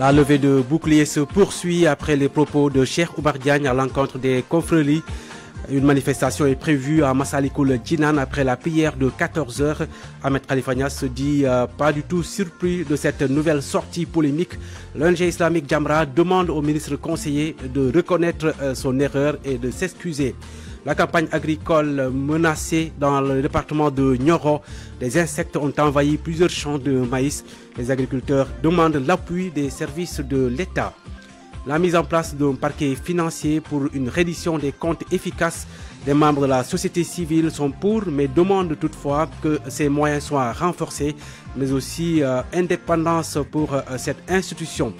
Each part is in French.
La levée de boucliers se poursuit après les propos de Cheikh Oumar à l'encontre des confréries. Une manifestation est prévue à Massalikoul Djinan après la prière de 14h. Ahmed Khalifania se dit euh, pas du tout surpris de cette nouvelle sortie polémique. L'ONG islamique Jamra demande au ministre conseiller de reconnaître euh, son erreur et de s'excuser. La campagne agricole menacée dans le département de Nioro, des insectes ont envahi plusieurs champs de maïs. Les agriculteurs demandent l'appui des services de l'État. La mise en place d'un parquet financier pour une reddition des comptes efficace des membres de la société civile sont pour, mais demandent toutefois que ces moyens soient renforcés, mais aussi euh, indépendance pour euh, cette institution.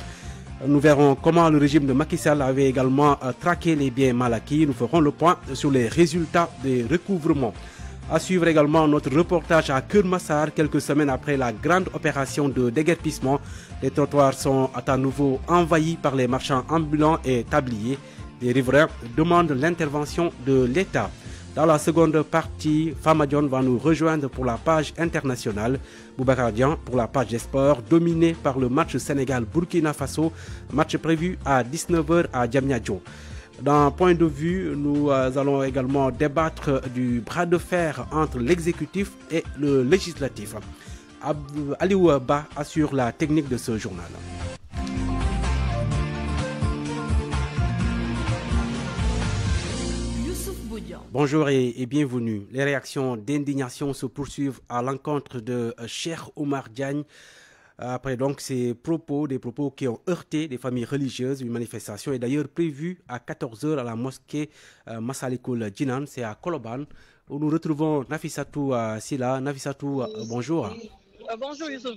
Nous verrons comment le régime de Macky Sall avait également euh, traqué les biens mal acquis. Nous ferons le point sur les résultats des recouvrements. À suivre également notre reportage à Kurmasar, quelques semaines après la grande opération de déguerpissement. Les trottoirs sont à nouveau envahis par les marchands ambulants et tabliers. Les riverains demandent l'intervention de l'État. Dans la seconde partie, Fama va nous rejoindre pour la page internationale. Boubacar pour la page des sports, dominé par le match Sénégal-Burkina Faso, match prévu à 19h à Dans D'un point de vue, nous euh, allons également débattre du bras de fer entre l'exécutif et le législatif. Aliou Ba assure la technique de ce journal. Bonjour et, bienvenue. Les réactions d'indignation se poursuivent à l'encontre de euh, Cheikh Omar Diagne. Euh, après donc ces propos, des propos qui ont heurté des familles religieuses, une manifestation est d'ailleurs prévue à 14h à la mosquée euh, Masalikul Djinan, c'est à Koloban, où nous retrouvons Nafisatou Sila. Nafisatou, bonjour. Euh, bonjour Youssouf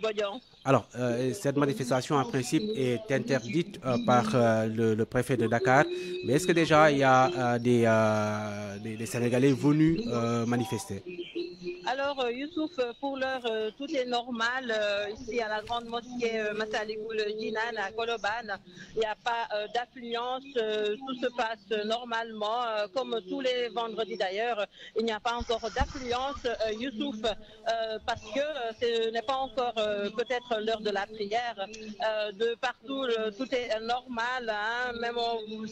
Alors, euh, cette manifestation en principe est interdite euh, par le, préfet de Dakar, mais est-ce que déjà il y a des, Sénégalais venus manifester alors, Youssouf, pour l'heure, tout est normal ici à la grande mosquée Massaligoul Jinan à Koloban. Il n'y a pas d'affluence, tout se passe normalement, comme tous les vendredis d'ailleurs. Il n'y a pas encore d'affluence, Youssouf, parce que c'est n'est pas encore euh, peut-être l'heure de la prière. Euh, de partout, euh, tout est normal. Hein. Même,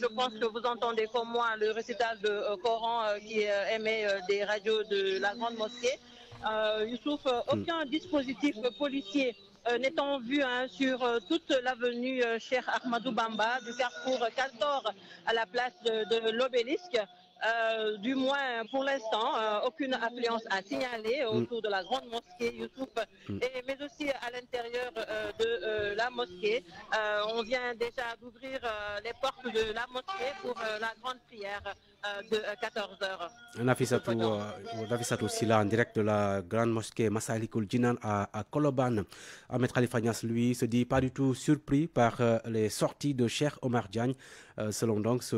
je pense que vous entendez comme moi le récital de Coran qui émet des radios de la grande mosquée. Youssouf, hmm. aucun dispositif policier n'étant vu hein, sur toute l'avenue Cher Ahmadou Bamba, du carrefour 14 à la place de l'obélisque. Euh, du moins pour l'instant, euh, aucune affluence à signaler mm. autour de la grande mosquée Youtube, mm. et, mais aussi à l'intérieur euh, de la mosquée. on vient déjà d'ouvrir les portes de la mosquée pour la grande prière. Euh, de 14h. Nafisatou, Nafisatou en direct de la grande mosquée Massalikul Jinan à, Koloban. Euh, Ahmed Khalifanias, lui, se dit pas du tout surpris par euh, les sorties de Cher Omar Diagne. selon donc ce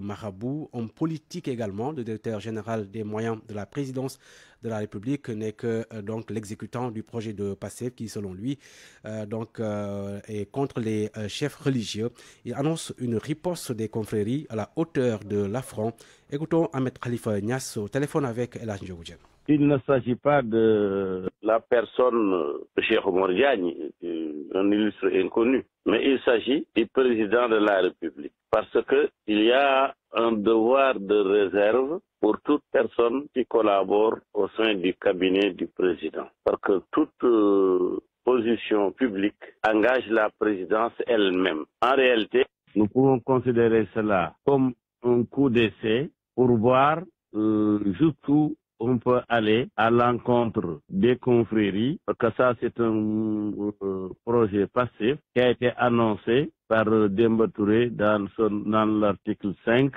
marabout, en politique également, le directeur général des moyens de la présidence de la République n'est que euh, donc l'exécutant du projet de passé qui, selon lui, euh, donc, euh, est contre les chefs religieux. Il annonce une riposte des confréries à la hauteur de l'affront. Écoutons Ahmed Khalifa Nias au téléphone avec El Djogoudjian. Il ne s'agit pas de la personne Cheikh Omar un illustre inconnu, mais il s'agit du président de la République parce qu'il y a un devoir de réserve pour toute personne qui collabore au sein du cabinet du président. Parce que toute euh, position publique engage la présidence elle-même. En réalité, nous pouvons considérer cela comme un coup d'essai pour voir euh, jusqu'où on peut aller à l'encontre des confréries, parce que ça c'est un euh, projet passif qui a été annoncé par Demba Touré dans, son, dans l'article 5,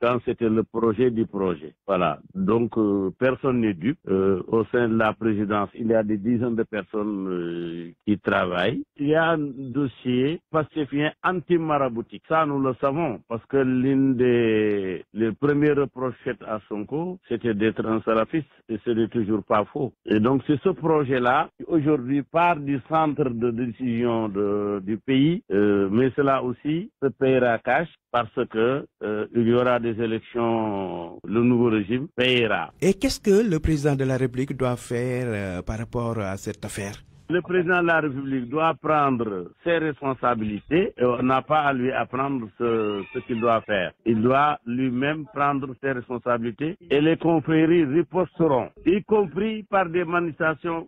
quand c'était le projet du projet. Voilà. Donc, euh, personne n'est dupe. Euh, au sein de la présidence, il y a des dizaines de personnes euh, qui travaillent. Il y a un dossier pacifié anti-maraboutique. Ça, nous le savons, parce que l'une des les premiers reproches faites à cours, c'était d'être un salafiste, et ce n'est toujours pas faux. Et donc, c'est ce projet-là qui, aujourd'hui, part du centre de décision de, du pays, mais cela aussi se payera cash parce que euh, il y aura des élections, le nouveau régime payera. Et qu'est-ce que le président de la République doit faire euh, par rapport à cette affaire le président de la République doit prendre ses responsabilités et on n'a pas à lui apprendre ce, qu'il doit faire. Il doit lui-même prendre ses responsabilités et les confréries riposteront, y compris par des manifestations,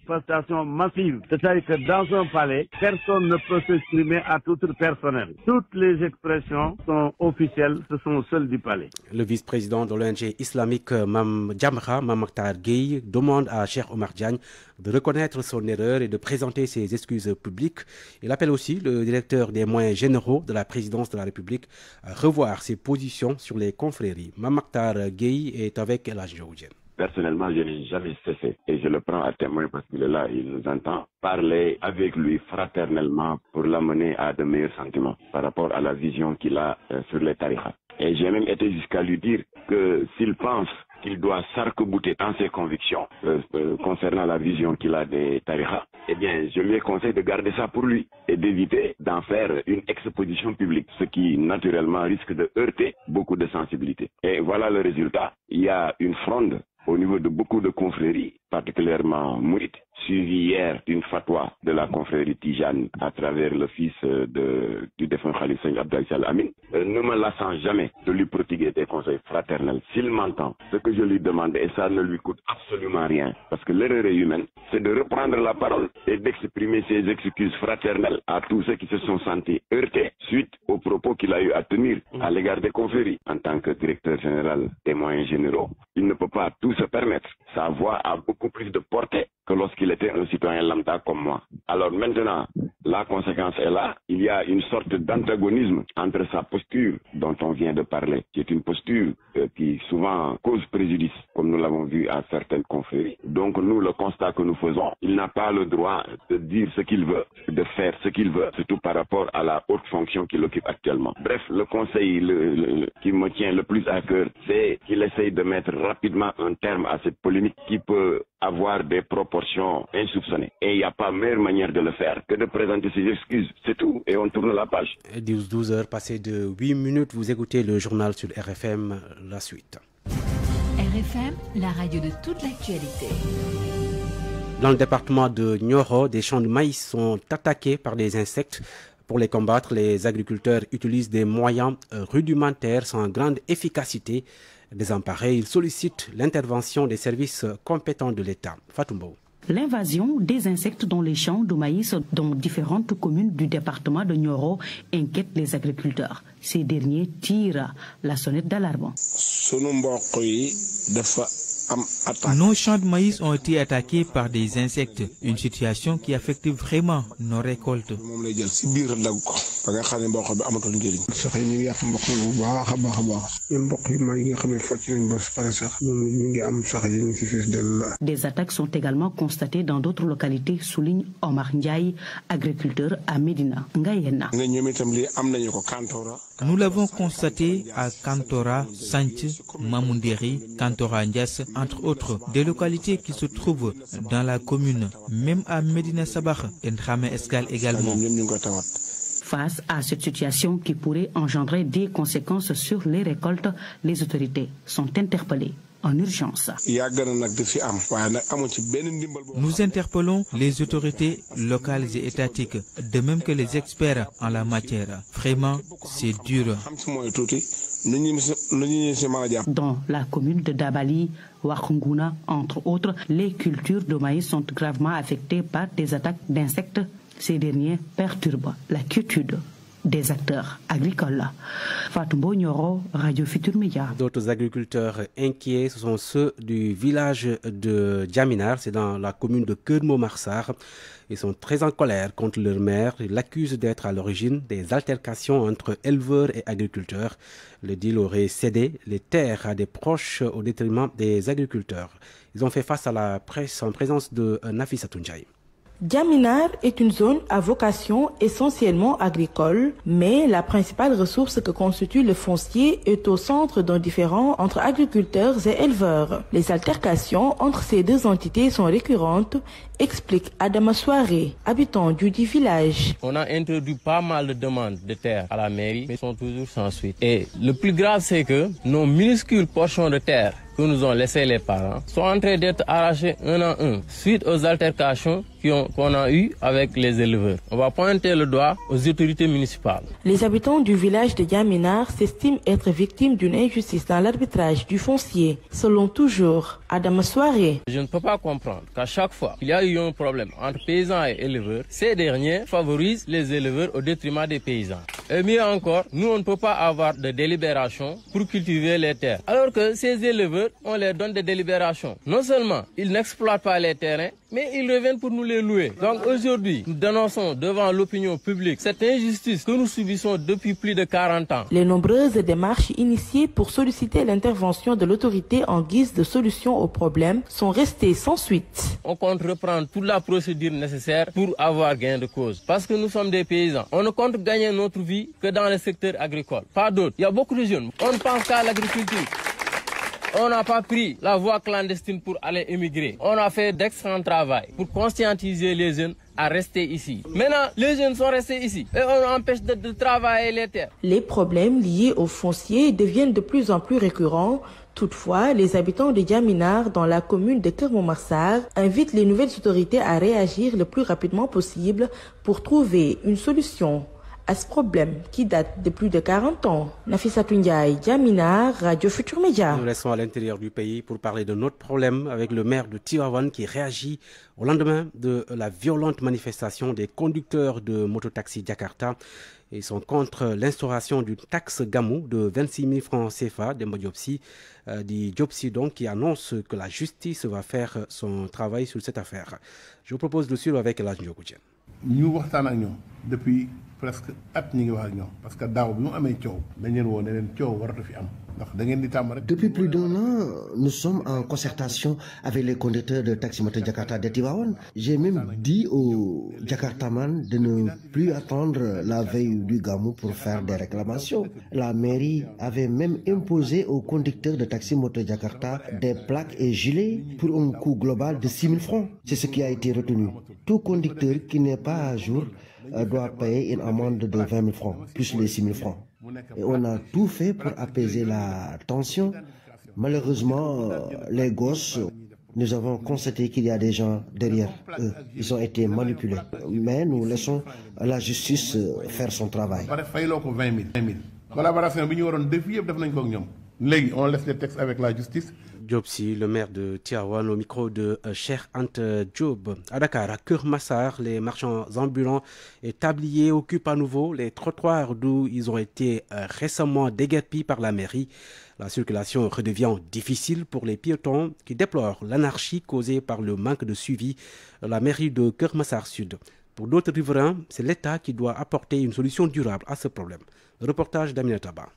massives. C'est-à-dire que dans un palais, personne ne peut s'exprimer à toute personnel. Toutes les expressions sont officielles, ce sont celles du palais. Le vice-président de l'ONG islamique euh, Mam Jamra Mamakhtar demande à Cheikh Omar Diagne de reconnaître son erreur et de présenter ses excuses publiques. Il appelle aussi le directeur des moyens généraux de la présidence de la République à revoir ses positions sur les confréries. Mamaktar gay est avec la Personnellement, je n'ai jamais cessé et je le prends à témoin parce qu'il est là, il nous entend parler avec lui fraternellement pour l'amener à de meilleurs sentiments par rapport à la vision qu'il a euh, sur les tarifs Et j'ai même été jusqu'à lui dire que s'il pense qu'il doit s'arc-bouter dans ses convictions euh, euh, concernant la vision qu'il a des tariha, eh bien, je lui conseille de garder ça pour lui et d'éviter d'en faire une exposition publique, ce qui naturellement risque de heurter beaucoup de sensibilités. Et voilà le résultat. Il y a une fronde au niveau de beaucoup de confréries particulièrement Mourit, suivi hier d'une fatwa de la confrérie Tijane à travers le fils euh, de, du défunt Khalid Singh Abdel Amin, euh, ne me lassant jamais de lui prodiguer des conseils fraternels. S'il m'entend, ce que je lui demande, et ça ne lui coûte absolument rien, parce que l'erreur est humaine, c'est de reprendre la parole et d'exprimer ses excuses fraternelles à tous ceux qui se sont sentis heurtés suite aux propos qu'il a eu à tenir à l'égard des confréries. En tant que directeur général des moyens généraux, il ne peut pas tout se permettre. Sa voix a beaucoup plus de portée que lorsqu'il était un citoyen lambda comme moi. Alors maintenant, la conséquence est là. Il y a une sorte d'antagonisme entre sa posture dont on vient de parler, qui est une posture euh, qui souvent cause préjudice, comme nous l'avons vu à certaines conférences. Donc nous, le constat que nous faisons, il n'a pas le droit de dire ce qu'il veut, de faire ce qu'il veut, surtout par rapport à la haute fonction qu'il occupe actuellement. Bref, le conseil qui me tient le plus à cœur, c'est qu'il essaye de mettre rapidement un terme à cette polémique qui peut avoir des proportions insoupçonnées. Et il n'y a pas meilleure manière de le faire que de présenter ses excuses. C'est tout. Et on tourne la page. 12, 12 heures passées de 8 minutes, vous écoutez le journal sur RFM, la suite. RFM, la radio de toute l'actualité. Dans le département de Nyoro, des champs de maïs sont attaqués par des insectes. Pour les combattre, les agriculteurs utilisent des moyens euh, rudimentaires sans grande efficacité. Désemparés, il sollicite l'intervention des services compétents de l'État. Fatumbo. L'invasion des insectes dans les champs de maïs dans différentes communes du département de Nioro inquiète les agriculteurs. Ces derniers tirent la sonnette d'alarme. Nos champs de maïs ont été attaqués par des insectes, une situation qui affecte vraiment nos récoltes. Des attaques sont également constatées dans d'autres localités, souligne Omar Ndiaye, agriculteur à Medina, Nous l'avons constaté à Kantora, Sanche, Mamunderi, Kantora Ndias, entre autres des localités qui se trouvent dans la commune, même à Medina Sabah et Ndramé Escal également. Face à cette situation qui pourrait engendrer des conséquences sur les récoltes, les autorités sont interpellées en urgence. Nous interpellons les autorités locales et étatiques, de même que les experts en la matière. Vraiment, c'est dur. Dans la commune de Dabali, Wakunguna, entre autres, les cultures de maïs sont gravement affectées par des attaques d'insectes. Ces derniers perturbent la quiétude des acteurs agricoles. Radio Futur D'autres agriculteurs inquiets, ce sont ceux du village de Djaminar, c'est dans la commune de kermo Ils sont très en colère contre leur maire. Ils l'accusent d'être à l'origine des altercations entre éleveurs et agriculteurs. Le deal aurait cédé les terres à des proches au détriment des agriculteurs. Ils ont fait face à la presse en présence de Nafisa Diaminar est une zone à vocation essentiellement agricole, mais la principale ressource que constitue le foncier est au centre d'un différent entre agriculteurs et éleveurs. Les altercations entre ces deux entités sont récurrentes explique Adam Soiré, habitant du dit village. On a introduit pas mal de demandes de terre à la mairie, mais sont toujours sans suite. Et le plus grave, c'est que nos minuscules portions de terre que nous ont laissées les parents sont en train d'être arrachés un à un suite aux altercations qu'on a eues avec les éleveurs. On va pointer le doigt aux autorités municipales. Les habitants du village de Yaminar s'estiment être victimes d'une injustice dans l'arbitrage du foncier, selon toujours Adam Soiré. Je ne peux pas comprendre qu'à chaque fois il y a eu un problème entre paysans et éleveurs. Ces derniers favorisent les éleveurs au détriment des paysans. Et mieux encore, nous, on ne peut pas avoir de délibération pour cultiver les terres. Alors que ces éleveurs, on leur donne des délibérations. Non seulement ils n'exploitent pas les terrains, mais ils reviennent pour nous les louer. Donc aujourd'hui, nous dénonçons devant l'opinion publique cette injustice que nous subissons depuis plus de 40 ans. Les nombreuses démarches initiées pour solliciter l'intervention de l'autorité en guise de solution au problème sont restées sans suite. On compte reprendre toute la procédure nécessaire pour avoir gain de cause. Parce que nous sommes des paysans. On ne compte gagner notre vie que dans le secteur agricole. Pas d'autre. Il y a beaucoup de jeunes. On ne pense qu'à l'agriculture. On n'a pas pris la voie clandestine pour aller émigrer. On a fait d'excellents travail pour conscientiser les jeunes à rester ici. Maintenant, les jeunes sont restés ici et on empêche de, travailler les terres. Les problèmes liés aux fonciers deviennent de plus en plus récurrents. Toutefois, les habitants de Diaminar dans la commune de Kermomarsar, invitent les nouvelles autorités à réagir le plus rapidement possible pour trouver une solution. À ce problème, qui date de plus de 40 ans, Nafisa Ndiaye, Jamina, Radio Futur Média. Nous restons à l'intérieur du pays pour parler de notre problème avec le maire de Tiwawan qui réagit au lendemain de la violente manifestation des conducteurs de mototaxi Jakarta. Ils sont contre l'instauration d'une taxe gamou de 26 000 francs CFA des Modiopsi, euh, donc, qui annonce que la justice va faire son travail sur cette affaire. Je vous propose de suivre avec la Nous, depuis presque at ñu ngi wax ak ñoom parce que daaw bi mu amee coow dañ leen woo ne leen coow waratu fi am Depuis plus d'un an, nous sommes en concertation avec les conducteurs de taxi moto Jakarta de J'ai même dit aux Jakartaman de ne plus attendre la veille du Gamou pour faire des réclamations. La mairie avait même imposé aux conducteurs de taxi moto Jakarta des plaques et gilets pour un coût global de 6 000 francs. C'est ce qui a été retenu. Tout conducteur qui n'est pas à jour euh, doit payer une amende de 20 000 francs, plus les 6 000 francs on a tout fait pour apaiser la tension. Malheureusement, les gosses, nous avons constaté qu'il y a des gens derrière eux. Ils ont été manipulés. Mais nous laissons la justice faire son travail. on laisse les textes avec la justice. Diopsi, le maire de Tiawan, au micro de euh, Cher Ant Job. À Dakar, à Kurmassar, les marchands ambulants et tabliers occupent à nouveau les trottoirs d'où ils ont été euh, récemment dégapis par la mairie. La circulation redevient difficile pour les piétons qui déplorent l'anarchie causée par le manque de suivi de la mairie de Kurmassar Sud. Pour d'autres riverains, c'est l'État qui doit apporter une solution durable à ce problème. Le reportage d'Aminataba.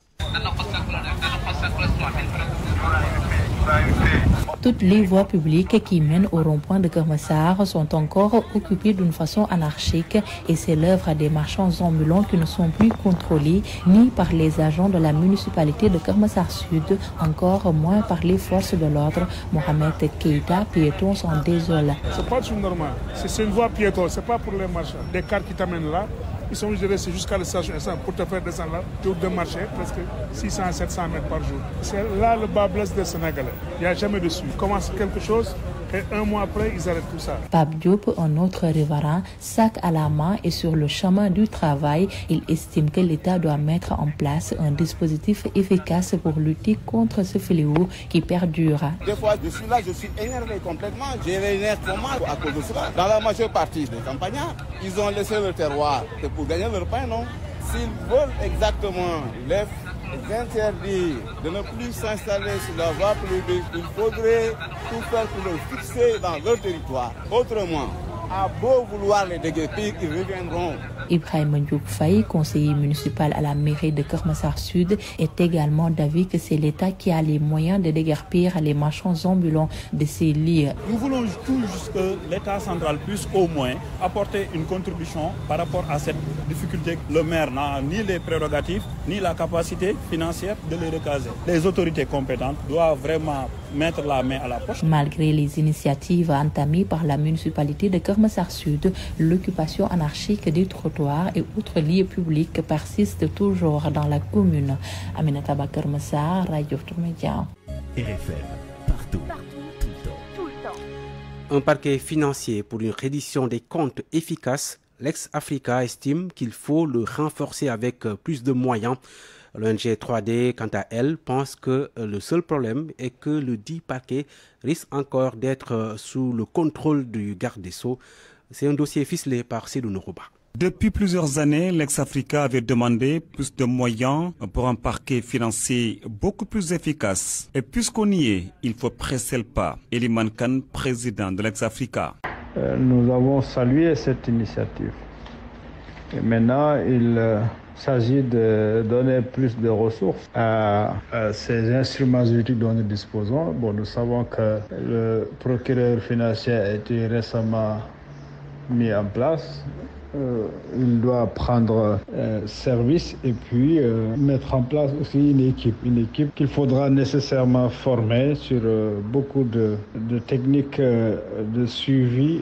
Toutes les voies publiques qui mènent au rond-point de Kermessar sont encore occupées d'une façon anarchique et c'est l'œuvre des marchands ambulants qui ne sont plus contrôlés ni par les agents de la municipalité de Kermessar Sud, encore moins par les forces de l'ordre. Mohamed Keita, piéton s'en désole. n'est pas normal. C'est une voie piéton, n'est pas pour les marchands. Des cartes qui t'amènent là, ils sont obligés de rester jusqu'à la station pour te faire descendre là, tour de marché, presque 600 700 mètres par jour. C'est là le bas blesse des Sénégalais. Il n'y a jamais de suivi. Commence quelque chose, et un mois après, ils arrêtent tout ça. Pape Diop, un autre révérend, sac à la main et sur le chemin du travail, il estime que l'État doit mettre en place un dispositif efficace pour lutter contre ce fléau qui perdure. Des fois, je suis là, je suis énervé complètement. J'ai l'énervement à cause de cela. Dans la majeure partie des campagnards, ils ont laissé le terroir. C'est pour gagner leur pain, non S'ils veulent exactement les interdire de ne plus s'installer sur la voie publique, il faudrait tout faire pour le fixer dans leur territoire. Autrement, à beau vouloir les déguerpir, qui reviendront. Ibrahim Ndiouk conseiller municipal à la mairie de Kermassar Sud, est également d'avis que c'est l'État qui a les moyens de déguerpir les marchands ambulants de ces lieux. Nous voulons tous que l'État central puisse au moins apporter une contribution par rapport à cette difficulté. Le maire n'a ni les prérogatives, ni la capacité financière de les recaser. Les autorités compétentes doivent vraiment Malgré les initiatives entamées par la municipalité de Kermessar Sud, l'occupation anarchique des trottoirs et autres lieux publics persiste toujours dans la commune. Radio Un parquet financier pour une reddition des comptes efficace, l'ex-Africa estime qu'il faut le renforcer avec plus de moyens. L'ONG 3D, quant à elle, pense que euh, le seul problème est que le dit paquet risque encore d'être euh, sous le contrôle du garde des Sceaux. C'est un dossier ficelé par Sidou Depuis plusieurs années, l'ex-Africa avait demandé plus de moyens pour un parquet financier beaucoup plus efficace. Et puisqu'on y est, il faut presser le pas. Eliman Khan, président de l'ex-Africa. Euh, nous avons salué cette initiative. Et maintenant, il il s'agit de donner plus de ressources à, ces instruments juridiques dont nous disposons. nous savons que le procureur financier a été récemment mis en place euh, il doit prendre euh, service et puis euh, mettre en place aussi une équipe, une équipe qu'il faudra nécessairement former sur beaucoup de, techniques de suivi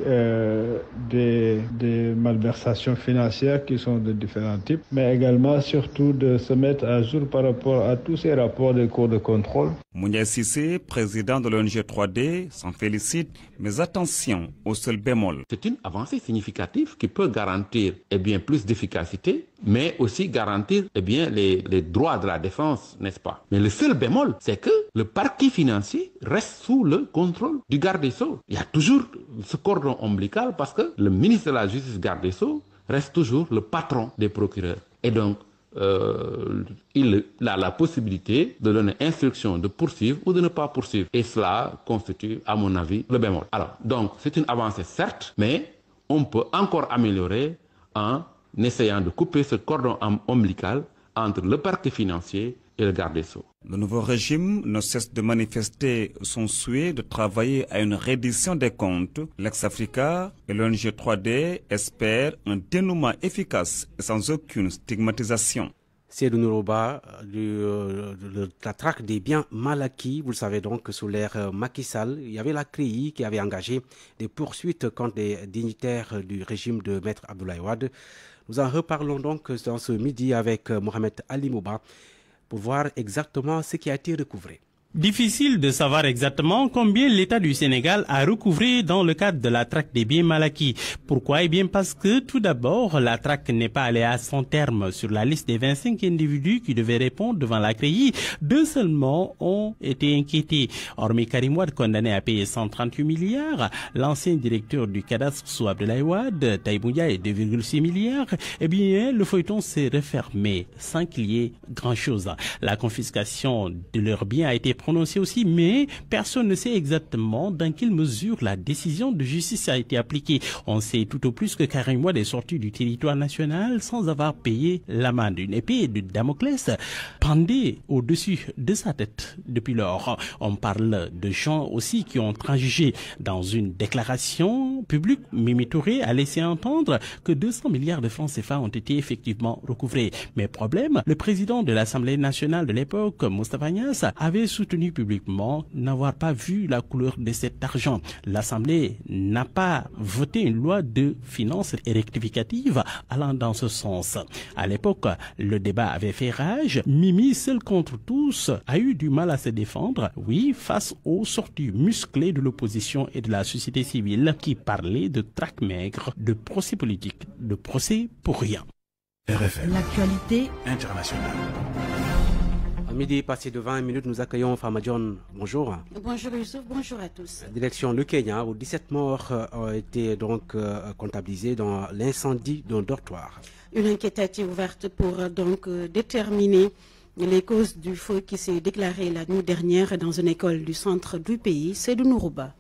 des, des, malversations financières qui sont de différents types, mais également surtout de se mettre à jour par rapport à tous ces rapports des cours de contrôle. Mounia Sissé, président de l'ONG 3D, s'en félicite, mais attention au seul bémol. C'est une avancée significative qui peut garantir garantir eh bien, plus d'efficacité, mais aussi garantir et eh bien, les, les droits de la défense, n'est-ce pas Mais le seul bémol, c'est que le parquet financier reste sous le contrôle du garde des Sceaux. Il y a toujours ce cordon ombilical parce que le ministre de la Justice garde des Sceaux reste toujours le patron des procureurs. Et donc, euh, il a la possibilité de donner instruction de poursuivre ou de ne pas poursuivre. Et cela constitue, à mon avis, le bémol. Alors, donc, c'est une avancée, certes, mais on peut encore améliorer en essayant de couper ce cordon ombilical entre le parc financier et le garde des Sceaux. Le nouveau régime ne cesse de manifester son souhait de travailler à une reddition des comptes. L'ex-Africa et l'ONG 3D espèrent un dénouement efficace et sans aucune stigmatisation c'est euh, le Nouroba, la traque des biens mal acquis. Vous le savez donc, sous l'ère euh, Macky il y avait la CRI qui avait engagé des poursuites contre des dignitaires euh, du régime de Maître Abdoulaye Wade. Nous en reparlons donc dans ce midi avec Mohamed Ali Mouba pour voir exactement ce qui a été recouvré. Difficile de savoir exactement combien l'État du Sénégal a recouvré dans le cadre de la traque des biens mal acquis. Pourquoi Eh bien parce que tout d'abord, la traque n'est pas allée à son terme. Sur la liste des 25 individus qui devaient répondre devant la CREI, deux seulement ont été inquiétés. Hormis Karim Wad, condamné à payer 138 milliards, l'ancien directeur du cadastre sous Abdoulaye Wad, Taïbouya, et 2,6 milliards, eh bien le feuilleton s'est refermé sans qu'il y ait grand-chose. La confiscation de leurs biens a été prononcée aussi, mais personne ne sait exactement dans quelle mesure la décision de justice a été appliquée. On sait tout au plus que Karim Wade est sorti du territoire national sans avoir payé la main d'une épée de Damoclès pendait au-dessus de sa tête depuis lors. On parle de gens aussi qui ont tranché dans une déclaration publique. Mimi Touré a laissé entendre que 200 milliards de francs CFA ont été effectivement recouvrés. Mais problème, le président de l'Assemblée nationale de l'époque, Moustapha Nias, avait soutenu publiquement n'avoir pas vu la couleur de cet argent. L'Assemblée n'a pas voté une loi de finances rectificative allant dans ce sens. À l'époque, le débat avait fait rage. Mimi, seul contre tous, a eu du mal à se défendre, oui, face aux sorties musclées de l'opposition et de la société civile qui parlaient de traque maigre, de procès politique, de procès pour rien. RFM. L'actualité internationale. Midi passé de 20 minutes, nous accueillons Fama John. Bonjour. Bonjour Youssouf, bonjour à tous. Direction le Kenya, où 17 morts euh, ont été donc euh, comptabilisés dans l'incendie d'un dortoir. Une enquête a ouverte pour euh, donc déterminer les causes du feu qui s'est déclaré la nuit dernière dans une école du centre du pays, c'est de Nourouba.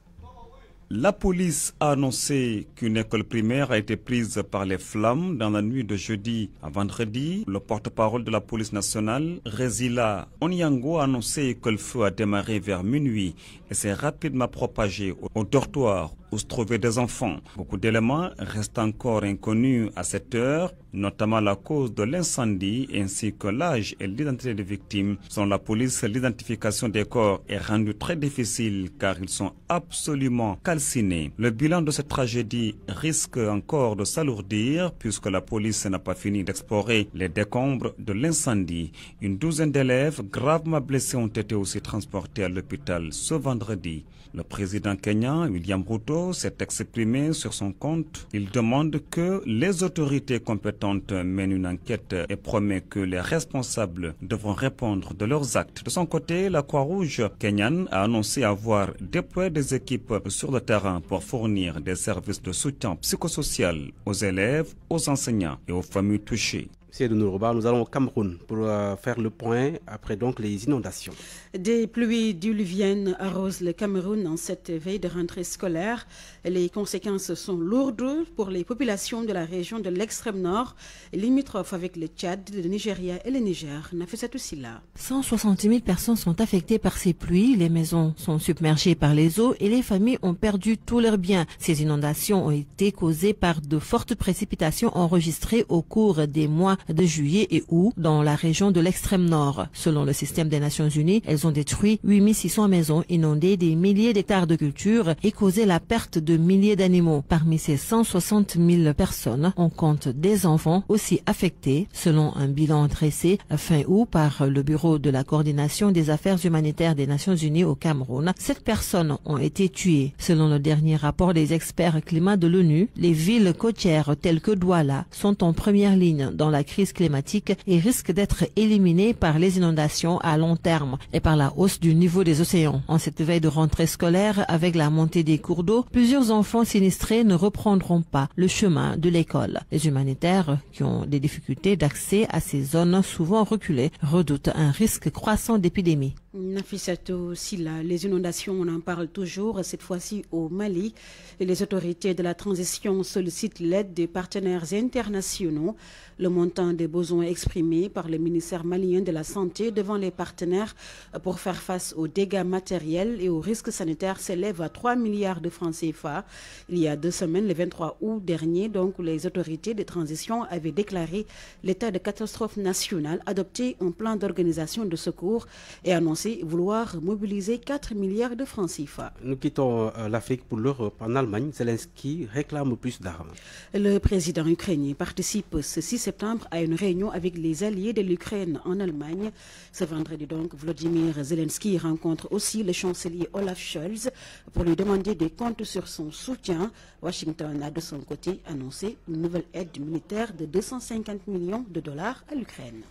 La police a annoncé qu'une école primaire a été prise par les flammes dans la nuit de jeudi à vendredi. Le porte-parole de la police nationale, Résila Onyango, a annoncé que le feu a démarré vers minuit et s'est rapidement propagé au dortoir se trouver des enfants. Beaucoup d'éléments restent encore inconnus à cette heure, notamment la cause de l'incendie ainsi que l'âge et l'identité des victimes. Sans la police, l'identification des corps est rendue très difficile car ils sont absolument calcinés. Le bilan de cette tragédie risque encore de s'alourdir puisque la police n'a pas fini d'explorer les décombres de l'incendie. Une douzaine d'élèves gravement blessés ont été aussi transportés à l'hôpital ce vendredi. Le président kenyan William Ruto s'est exprimé sur son compte. Il demande que les autorités compétentes mènent une enquête et promet que les responsables devront répondre de leurs actes. De son côté, la Croix-Rouge kenyan a annoncé avoir déployé des équipes sur le terrain pour fournir des services de soutien psychosocial aux élèves, aux enseignants et aux familles touchées. Nourouba. Nous allons au Cameroun pour euh, faire le point après donc les inondations. Des pluies diluviennes arrosent le Cameroun en cette veille de rentrée scolaire. Les conséquences sont lourdes pour les populations de la région de l'extrême nord, limitrophe avec le Tchad, le Nigeria et le Niger. là. 160 000 personnes sont affectées par ces pluies. Les maisons sont submergées par les eaux et les familles ont perdu tous leurs biens. Ces inondations ont été causées par de fortes précipitations enregistrées au cours des mois de juillet et août dans la région de l'extrême nord. Selon le système des Nations Unies, elles ont détruit 8600 maisons, inondé des milliers d'hectares de culture et causé la perte de milliers d'animaux. Parmi ces 160 000 personnes, on compte des enfants aussi affectés, selon un bilan dressé fin août par le Bureau de la coordination des affaires humanitaires des Nations Unies au Cameroun. Sept personnes ont été tuées. Selon le dernier rapport des experts climat de l'ONU, les villes côtières telles que Douala sont en première ligne dans la crise crise climatique et risque d'être éliminé par les inondations à long terme et par la hausse du niveau des océans. En cette veille de rentrée scolaire, avec la montée des cours d'eau, plusieurs enfants sinistrés ne reprendront pas le chemin de l'école. Les humanitaires, qui ont des difficultés d'accès à ces zones souvent reculées, redoutent un risque croissant d'épidémie. Nafisato Silla, les inondations, on en parle toujours, cette fois-ci au Mali. les autorités de la transition sollicitent l'aide des partenaires internationaux. Le montant des besoins exprimés par le ministère malien de la Santé devant les partenaires pour faire face aux dégâts matériels et aux risques sanitaires s'élève à 3 milliards de francs CFA. Il y a deux semaines, le 23 août dernier, donc, les autorités de transition avaient déclaré l'état de catastrophe nationale, adopté un plan d'organisation de secours et annoncé vouloir mobiliser 4 milliards de francs CFA. Nous quittons euh, l'Afrique pour l'Europe. En Allemagne, Zelensky réclame plus d'armes. Le président ukrainien participe ce 6 septembre à une réunion avec les alliés de l'Ukraine en Allemagne. Ce vendredi donc, Vladimir Zelensky rencontre aussi le chancelier Olaf Scholz pour lui demander des comptes sur son soutien. Washington a de son côté annoncé une nouvelle aide militaire de 250 millions de dollars à l'Ukraine.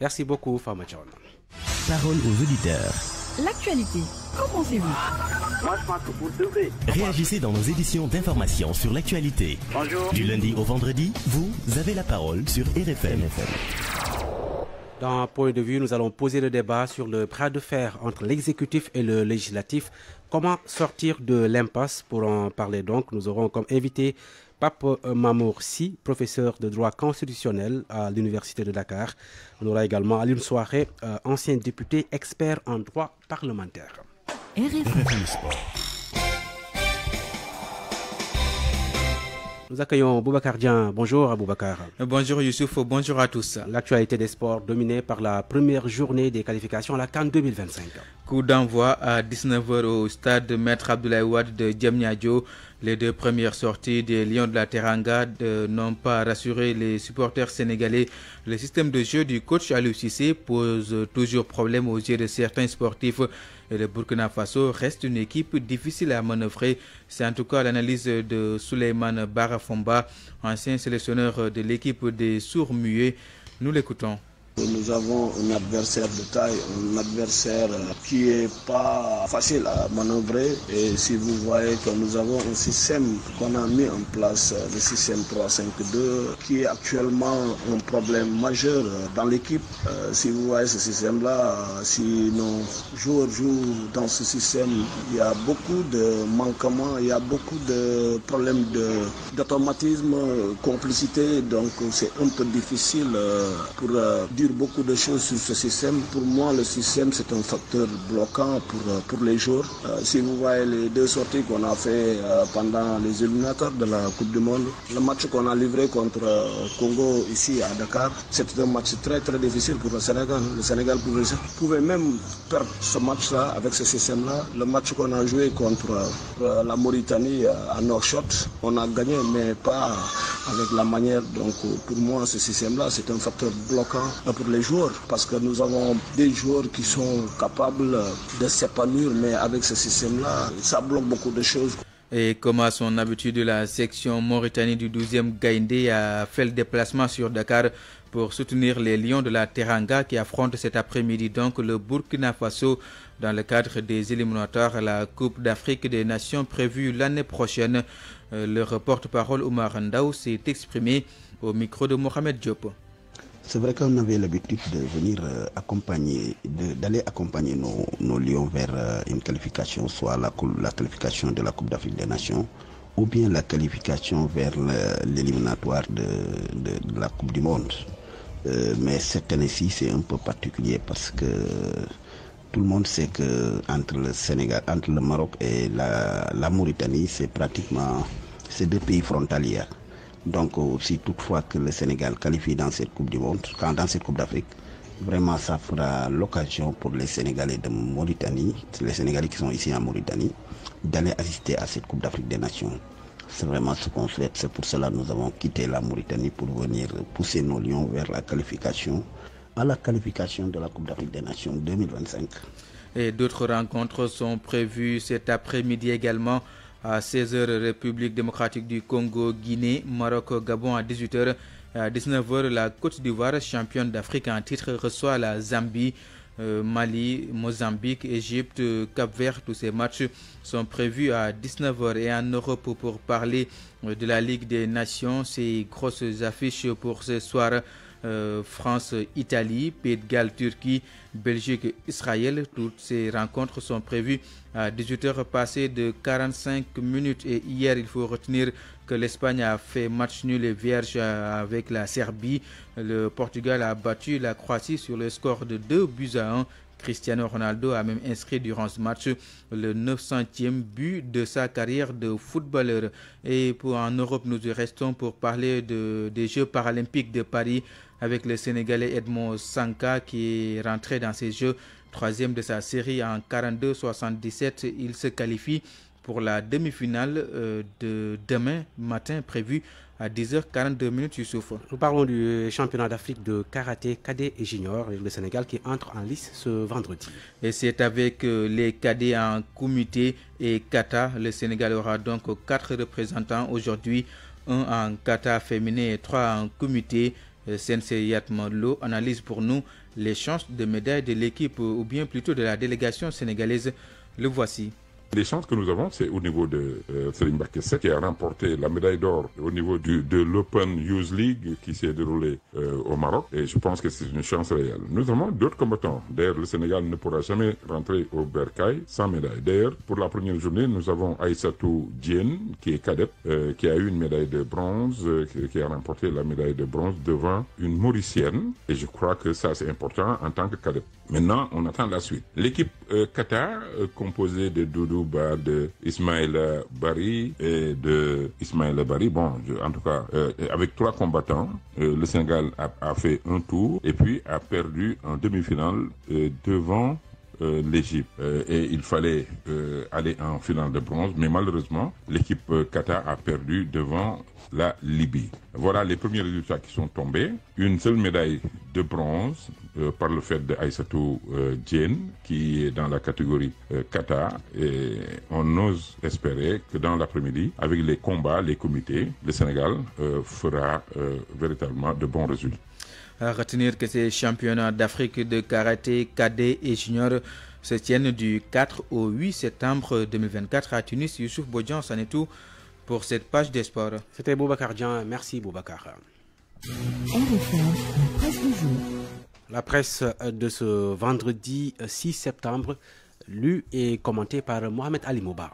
Merci beaucoup, Fama John. Parole aux auditeurs. L'actualité, qu'en pensez-vous Réagissez dans nos éditions d'information sur l'actualité. Bonjour. Du lundi au vendredi, vous avez la parole sur RFM. Dans un Point de vue, nous allons poser le débat sur le bras de fer entre l'exécutif et le législatif Comment sortir de l'impasse Pour en parler donc, nous aurons comme invité Pape euh, Mamour Si, professeur de droit constitutionnel à l'Université de Dakar. On aura également Alim Soirée, euh, ancien député expert en droit parlementaire. Nous accueillons Boubacar Dian. Bonjour Boubacar. Euh, bonjour Youssouf, bonjour à tous. L'actualité des sports dominée par la première journée des qualifications à la Cannes 2025. Coup d'envoi à 19h au stade Maître Abdoulaye Ouad de Djemniadjo. Les deux premières sorties des Lions de la Teranga euh, n'ont pas rassuré les supporters sénégalais. Le système de jeu du coach à l'UCC pose toujours problème aux yeux de certains sportifs. Le Burkina Faso reste une équipe difficile à manœuvrer. C'est en tout cas l'analyse de Souleymane Barafomba, ancien sélectionneur de l'équipe des sourds-muets. Nous l'écoutons. Nous avons un adversaire de taille, un adversaire qui n'est pas facile à manœuvrer. Et si vous voyez que nous avons un système qu'on a mis en place, le système 3-5-2, qui est actuellement un problème majeur dans l'équipe. Euh, si vous voyez ce système-là, euh, si nous jouons dans ce système, il y a beaucoup de manquements, il y a beaucoup de problèmes d'automatisme, complicité. Donc c'est un peu difficile euh, pour beaucoup de choses sur ce système. Pour moi, le système, c'est un facteur bloquant pour, euh, pour les joueurs. Euh, si vous voyez les deux sorties qu'on a fait euh, pendant les éliminatoires de la Coupe du Monde, le match qu'on a livré contre Congo ici à Dakar, c'était un match très très difficile pour le Sénégal. Le Sénégal pouvait, même perdre ce match-là avec ce système-là. Le match qu'on a joué contre la Mauritanie à Norshot, on a gagné, mais pas avec la manière. Donc euh, pour moi, ce système-là, c'est un facteur bloquant pour les joueurs parce que nous avons des joueurs qui sont capables de s'épanouir, mais avec ce système-là, ça bloque beaucoup de choses. Et comme à son habitude, la section Mauritanie du 12e Gaïndé a fait le déplacement sur Dakar pour soutenir les Lions de la Teranga qui affrontent cet après-midi donc le Burkina Faso dans le cadre des éliminatoires à la Coupe d'Afrique des Nations prévue l'année prochaine. Euh, Leur porte-parole Omar Randao s'est exprimé au micro de Mohamed Diop. C'est vrai qu'on avait l'habitude de venir euh, accompagner, d'aller accompagner nos, lions vers euh, une qualification, soit la, qualification de la Coupe d'Afrique des Nations, ou bien la qualification vers l'éliminatoire de, la Coupe du Monde. mais cette année-ci, c'est un peu particulier parce que tout le monde sait que entre le Sénégal, entre le Maroc et la Mauritanie, c'est pratiquement c'est deux pays frontaliers. Donc aussi, euh, toutefois que le Sénégal qualifie dans cette Coupe du Monde, quand dans cette Coupe d'Afrique, vraiment ça fera l'occasion pour les Sénégalais de Mauritanie, les Sénégalais qui sont ici en Mauritanie, d'aller assister à cette Coupe d'Afrique des Nations. C'est vraiment ce qu'on souhaite. C'est pour cela que nous avons quitté la Mauritanie pour venir pousser nos lions vers la qualification, à la qualification de la Coupe d'Afrique des Nations 2025. Et d'autres rencontres sont prévues cet après-midi également à 16h, République démocratique du Congo, Guinée, Maroc, Gabon à 18h. À 19h, la Côte d'Ivoire, championne d'Afrique en titre, reçoit la Zambie. Euh, Mali, Mozambique, Égypte, Cap-Vert, tous ces matchs sont prévus à 19h et en Europe pour parler de la Ligue des Nations. Ces grosses affiches pour ce soir. Euh, France, Italie, Pays de Turquie, Belgique, Israël. Toutes ces rencontres sont prévues à 18h passées de 45 minutes et hier il faut retenir que l'Espagne a fait match nul et vierge euh, avec la Serbie. Le Portugal a battu la Croatie sur le score de 2 buts à 1 Cristiano Ronaldo a même inscrit durant ce match le 900e but de sa carrière de footballeur. Et pour en Europe, nous y restons pour parler des Jeux paralympiques de Paris avec le Sénégalais Edmond Sanka qui est rentré dans ses jeux troisième de sa série en 42-77. Il se qualifie pour la demi-finale euh, de demain matin prévue à 10h42 minutes Youssouf. Nous parlons du championnat d'Afrique de karaté cadet et junior, le Sénégal qui entre en lice ce vendredi. Et c'est avec euh, les cadets en comité et kata. Le Sénégal aura donc quatre représentants aujourd'hui, un en kata féminin et trois en comité. Euh, CNC Yatmanlo analyse pour nous les chances de médaille de l'équipe ou bien plutôt de la délégation sénégalaise. Le voici. Les chances que nous avons, c'est au niveau de euh, Bakesset, qui a remporté la médaille d'or au niveau du, de l'Open Youth League qui s'est déroulé euh, au Maroc. Et je pense que c'est une chance réelle. Nous avons d'autres combattants. D'ailleurs, le Sénégal ne pourra jamais rentrer au Berkay sans médaille. D'ailleurs, pour la première journée, nous avons Aïssatou Dien, qui est cadet, euh, qui a eu une médaille de bronze, euh, qui a remporté la médaille de bronze devant une Mauricienne. Et je crois que ça, c'est important en tant que cadet. Maintenant, on attend la suite. L'équipe euh, Qatar, euh, composée de Doudou de Ismaël Barry et de Ismaël Barry, bon, en tout cas, euh, avec trois combattants, le Sénégal a, fait un tour et puis a perdu en demi-finale devant euh, l'Égypte euh, et il fallait euh, aller en finale de bronze, mais malheureusement, l'équipe Qatar a perdu devant la Libye. Voilà les premiers résultats qui sont tombés. Une seule médaille de bronze par le fait d'Aïssatou Djen, qui est dans la catégorie Qatar. Et on ose espérer que dans l'après-midi, avec les combats, les comités, le Sénégal fera véritablement de bons résultats retenir que ces championnats d'Afrique de karaté cadet et junior se tiennent du 4 au 8 septembre 2024 à Tunis. Youssouf Bodjan, c'en est tout pour cette page des sports. C'était Boubacar Dian. Merci Boubacar. La presse de ce vendredi 6 septembre, lue et commentée par Mohamed Ali Mouba.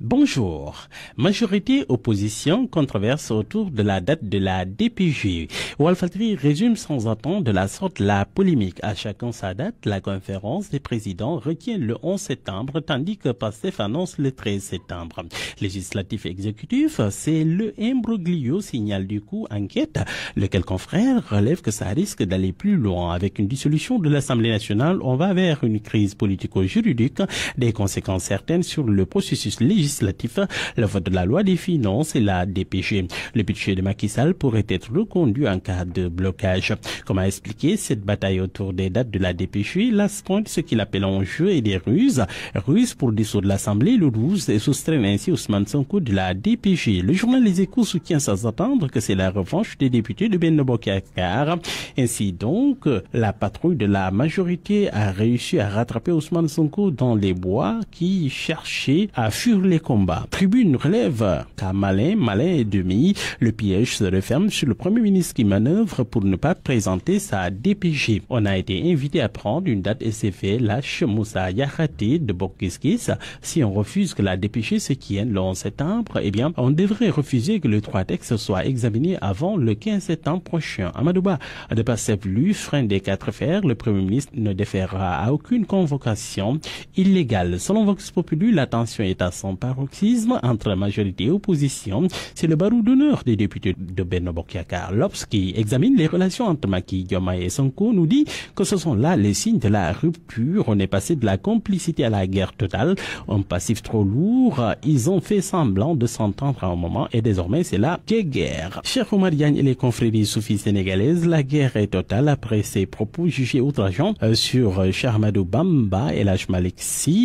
Bonjour. Majorité opposition controverse autour de la date de la DPJ. Walfatri résume sans attendre de la sorte la polémique. À chacun sa date, la conférence des présidents retient le 11 septembre, tandis que PASTEF annonce le 13 septembre. Législatif exécutif, c'est le imbroglio signal du coup enquête, lequel confrère relève que ça risque d'aller plus loin. Avec une dissolution de l'Assemblée nationale, on va vers une crise politico-juridique, des conséquences certaines sur le processus législatif, le vote de la loi des finances et la DPG. Le budget de Macky Sall pourrait être reconduit en cas de blocage. Comme a expliqué cette bataille autour des dates de la DPG Las pointe ce qu'il appelle en jeu et des ruses. Ruses pour dissoudre l'Assemblée le 12 et soustraire ainsi Ousmane Sonko de la DPG. Le journal Les Échos soutient sans attendre que c'est la revanche des députés de Ben Bokakar. Ainsi donc, la patrouille de la majorité a réussi à rattraper Ousmane Sonko dans les bois qui cherchait à sur les combats. Tribune relève qu'à Malin, Malin et demi, le piège se referme sur le Premier ministre qui manœuvre pour ne pas présenter sa DPG. On a été invité à prendre une date c'est fait. lâche Moussa Yahati de Bokkiskis. Si on refuse que la DPG se tienne le 11 septembre, eh bien, on devrait refuser que le trois textes soit examiné avant le 15 septembre prochain. Amadouba, de passer plus frein des quatre fers, le Premier ministre ne déférera à aucune convocation illégale. Selon Vox Populi, l'attention est à son paroxysme entre majorité et opposition, c'est le barreau d'honneur des députés de Benobokiakar. L'Obs qui examine les relations entre Maki, Yoma et Sonko nous dit que ce sont là les signes de la rupture. On est passé de la complicité à la guerre totale, un passif trop lourd. Ils ont fait semblant de s'entendre à un moment et désormais c'est la guerre. Cher Omar et les confréries soufis sénégalaises, la guerre est totale après ses propos jugés outrageants euh, sur euh, Charmadou Bamba et la Malik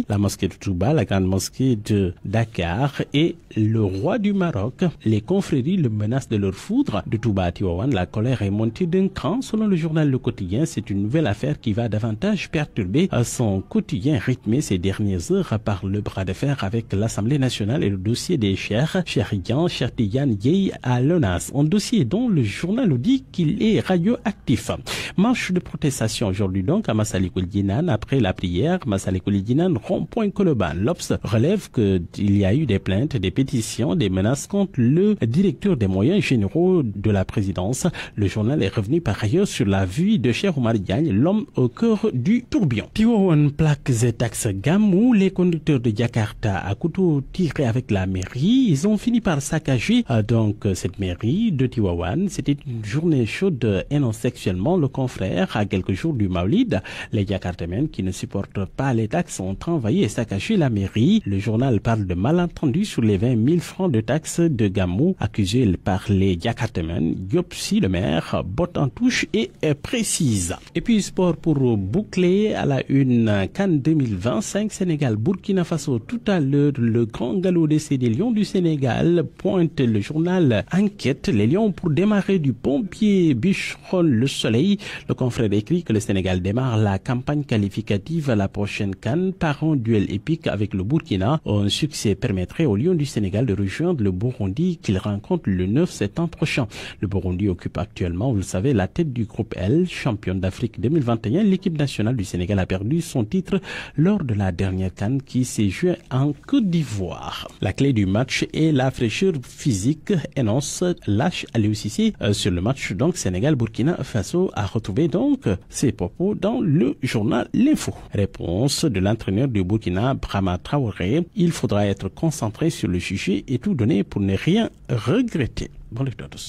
la mosquée de Touba, la grande mosquée de Dakar et le roi du Maroc. Les confréries le menacent de leur foudre. De Touba à la colère est montée d'un cran. Selon le journal Le Quotidien, c'est une nouvelle affaire qui va davantage perturber son quotidien rythmé ces dernières heures par le bras de fer avec l'Assemblée nationale et le dossier des chers, cher Chertiyan, Yei à Un dossier dont le journal nous dit qu'il est radioactif. Marche de protestation aujourd'hui donc à Massalikul Dinan après la prière. Massalikul Dinan, rond-point Koloban. L'Obs relève que il y a eu des plaintes, des pétitions, des menaces contre le directeur des moyens généraux de la présidence. Le journal est revenu par ailleurs sur la vie de Cher Omar Diagne, l'homme au cœur du tourbillon. Tiwawan plaque taxes tax où les conducteurs de Jakarta à couteau tiré avec la mairie, ils ont fini par saccager euh, donc cette mairie de Tiwawan. C'était une journée chaude et non sexuellement le confrère à quelques jours du Maulid. Les Jakartamens qui ne supportent pas les taxes ont envahi et saccagé la mairie. Le journal parle de malentendu sur les 20 000 francs de taxes de Gamou accusés par les Yakatemen. Gopsi, le maire, botte en touche et précise. Et puis sport pour boucler à la une Cannes 2025 Sénégal Burkina Faso tout à l'heure le grand galop d'essai des Lions du Sénégal pointe le journal Enquête les Lions pour démarrer du pompier Bichon le soleil le confrère écrit que le Sénégal démarre la campagne qualificative à la prochaine Cannes par un duel épique avec le Burkina son succès permettrait au Lion du Sénégal de rejoindre le Burundi qu'il rencontre le 9 septembre prochain. Le Burundi occupe actuellement, vous le savez, la tête du groupe L, champion d'Afrique 2021. L'équipe nationale du Sénégal a perdu son titre lors de la dernière canne qui s'est jouée en Côte d'Ivoire. La clé du match est la fraîcheur physique, énonce l'âge à l'UCC sur le match donc Sénégal-Burkina Faso a retrouvé donc ses propos dans le journal L'Info. Réponse de l'entraîneur du Burkina, Brahma Traoré il faudra être concentré sur le sujet et tout donner pour ne rien regretter. Bonne lecture à tous.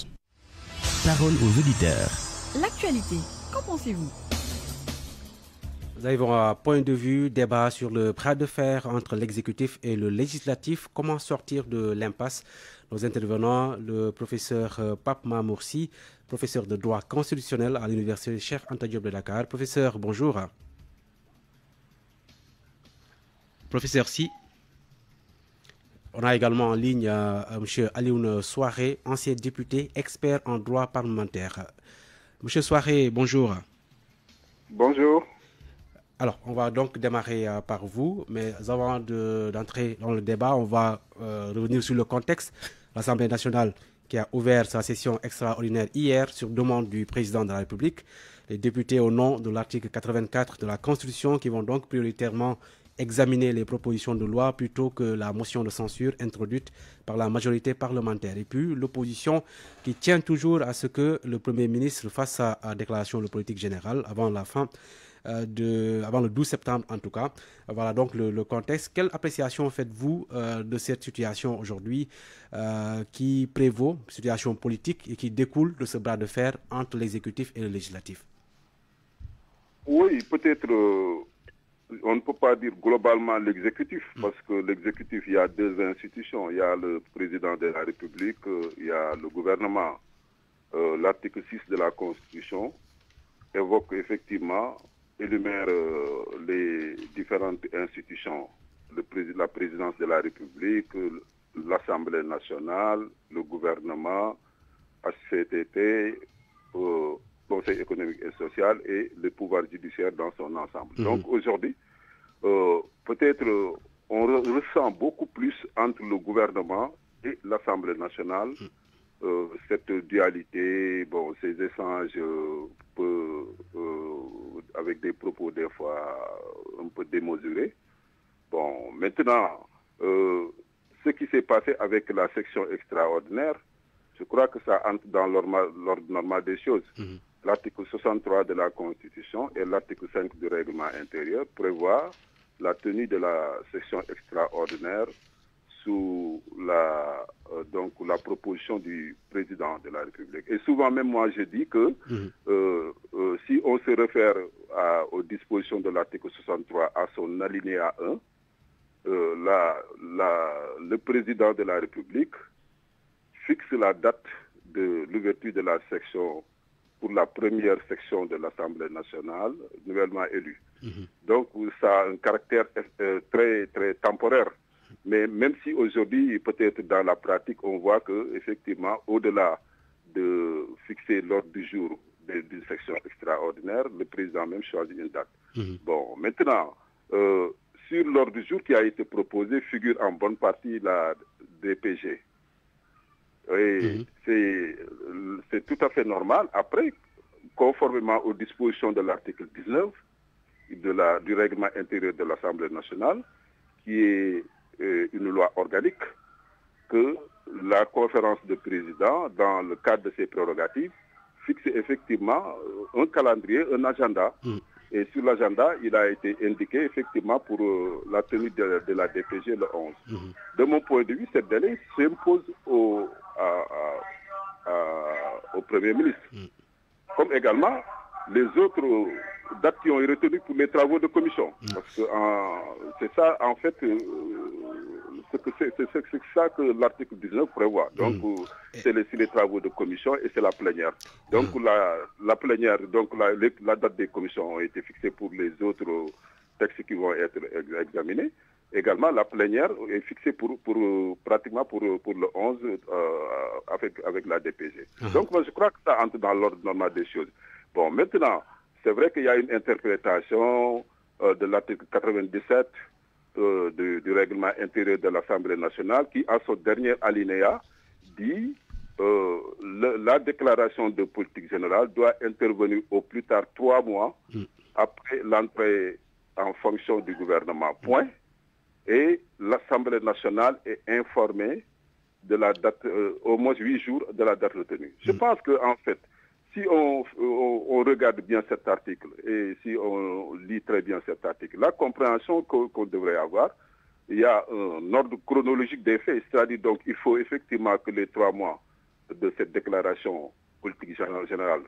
Parole aux auditeurs. L'actualité, qu'en pensez-vous nous arrivons à point de vue, débat sur le bras de fer entre l'exécutif et le législatif. Comment sortir de l'impasse Nos intervenants, le professeur euh, Papma Mamoursi, professeur de droit constitutionnel à l'université Cher, Anta Diop de Dakar. Professeur, bonjour. Professeur Si, on a également en ligne euh, euh, M. Alioune Soiré, ancien député, expert en droit parlementaire. M. Soiré, bonjour. Bonjour. Alors, on va donc démarrer euh, par vous, mais avant d'entrer dans le débat, on va revenir sur le contexte. L'Assemblée nationale qui a ouvert sa session extraordinaire hier sur demande du président de la République. Les députés, au nom de l'article 84 de la Constitution, qui vont donc prioritairement examiner les propositions de loi plutôt que la motion de censure introduite par la majorité parlementaire. Et puis l'opposition qui tient toujours à ce que le Premier ministre fasse sa euh, déclaration de politique générale avant la fin euh, de, avant le 12 septembre en tout cas. Voilà donc le, contexte. Quelle appréciation faites-vous euh, de cette situation aujourd'hui qui prévaut, situation politique et qui découle de ce bras de fer entre l'exécutif et le législatif Oui, peut-être on ne peut pas dire globalement l'exécutif, hmm. parce que l'exécutif, il y a deux institutions. Il y a le président de la République, euh, il y a le gouvernement. Euh, l'article 6 de la Constitution évoque effectivement, énumère euh, les différentes institutions, le, la présidence de la République, l'Assemblée nationale, le gouvernement, HCTT, euh, Conseil économique et social et le pouvoir judiciaire dans son ensemble. Mhm. Donc aujourd'hui, euh, peut-être euh, on ressent beaucoup plus entre le gouvernement et l'Assemblée nationale mhm. euh, cette dualité, bon, ces échanges avec des propos des fois un peu démesurés. Bon, maintenant, ce qui s'est passé avec la section extraordinaire, je crois que ça entre dans l'ordre normal des choses. Mhm l'article 63 de la Constitution et l'article 5 du règlement intérieur prévoient la tenue de la session extraordinaire sous la, euh, donc, la proposition du président de la République. Et souvent même moi je dis que mhm. euh, euh, si on se réfère aux dispositions de l'article 63 à son alinéa 1, le président de la République fixe la date de l'ouverture de la section pour la première section de l'Assemblée nationale nouvellement élue. Mhm. Donc ça a un caractère euh, très, très temporaire. Mais même si aujourd'hui, peut-être dans la pratique, on voit que effectivement, au-delà de fixer l'ordre du jour d'une section extraordinaire, le président même choisit une date. Mhm. Bon, maintenant, euh, sur l'ordre du jour qui a été proposé figure en bonne partie la DPG. Oui, mhm. euh, c'est tout à fait normal. Après, conformément aux dispositions de l'article 19 du règlement intérieur de l'Assemblée nationale, qui est euh, une loi organique, que la conférence de présidents, dans le cadre de ses prérogatives, fixe effectivement euh, un calendrier, un agenda. Mhm. Et sur l'agenda, il a été indiqué effectivement pour euh, la tenue de, la DPG le 11. Mhm. De mon point de vue, cette délai s'impose au, Premier ministre. Mhm. Comme également les autres dates qui ont été retenues pour les travaux de commission. Mhm. Parce que c'est ça, en fait, euh, c'est ça que l'article 19 prévoit. Mm. Donc, c'est les, travaux de commission et c'est la plénière. Donc, mm. la, plénière, donc la, date des commissions a été fixée pour les autres textes qui vont être examinés. Également, la plénière est fixée pour, pratiquement pour, le 11 euh, avec, avec la DPG. Mm-hmm. Donc, moi, je crois que ça entre dans l'ordre normal des choses. Bon, maintenant, c'est vrai qu'il y a une interprétation euh, de l'article 97 euh, du, règlement intérieur de l'Assemblée nationale qui, à son dernier alinéa, dit euh, la déclaration de politique générale doit intervenir au plus tard trois mois hmm. après l'entrée en fonction du gouvernement. Point. Et l'Assemblée nationale est informée de la date, euh, au moins huit jours de la date retenue. Je hmm. pense qu'en en fait, si on, regarde bien cet article et si on lit très bien cet article, la compréhension qu'on devrait avoir, il y a un ordre chronologique des faits, c'est-à-dire donc il faut effectivement que les trois mois de cette déclaration politique générale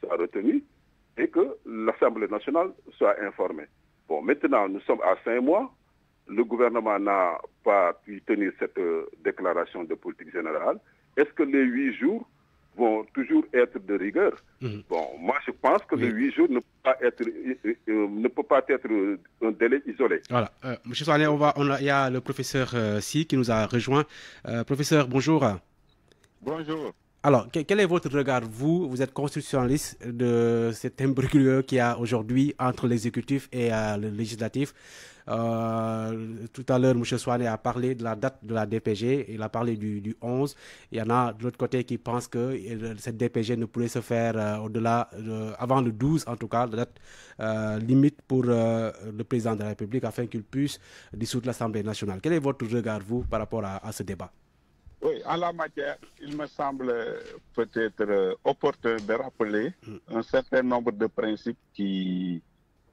soient retenus et que l'Assemblée nationale soit informée. Bon, maintenant, nous sommes à cinq mois. Le gouvernement n'a pas pu tenir cette euh, déclaration de politique générale. Est-ce que les huit jours vont toujours être de rigueur. Mhm. Bon, moi je pense que le les huit jours ne peut pas être, euh, euh, ne peut pas être euh, un délai isolé. Voilà. Monsieur on va, on il y a le professeur Si qui nous a rejoint. professeur, bonjour. Bonjour. Alors, quel est votre regard Vous, vous êtes constitutionnaliste de cet imbroglio qu'il y a aujourd'hui entre l'exécutif et euh, le législatif. Euh, tout à l'heure, M. Soane a parlé de la date de la DPG, il a parlé du, 11. Il y en a de l'autre côté qui pensent que euh, cette DPG ne pourrait se faire au-delà, avant le 12 en tout cas, la date limite pour le président de la République afin qu'il puisse dissoudre l'Assemblée nationale. Quel est votre regard, vous, par rapport à ce débat oui, en la matière, il me semble peut-être opportun de rappeler un certain nombre de principes qui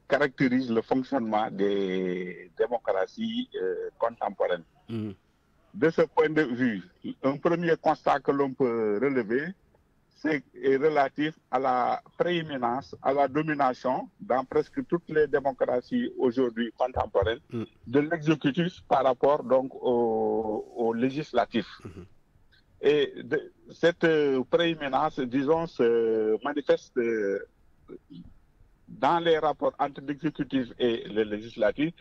caractérisent le fonctionnement des démocraties euh, contemporaines. Mm. De ce point de vue, un premier constat que l'on peut relever, est relatif à la prééminence, à la domination dans presque toutes les démocraties aujourd'hui contemporaines mm. de l'exécutif par rapport donc au, législatif. Mm-hmm. Et cette euh, prééminence, disons, se manifeste euh, dans les rapports entre l'exécutif et le législatif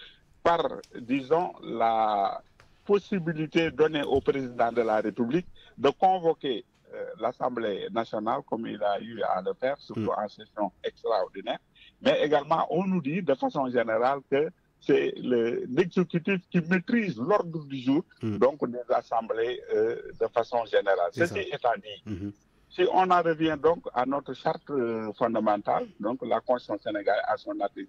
par, disons, la possibilité donnée au président de la République de convoquer euh, l'Assemblée nationale, comme il a eu à le faire, surtout hmm. en session extraordinaire. Mais également, on nous dit de façon générale que c'est l'exécutif qui maîtrise l'ordre du jour, hmm. donc des assemblées euh, de façon générale. Ceci étant dit, hmm. si on en revient donc à notre charte euh, fondamentale, donc la Constitution sénégalaise à son article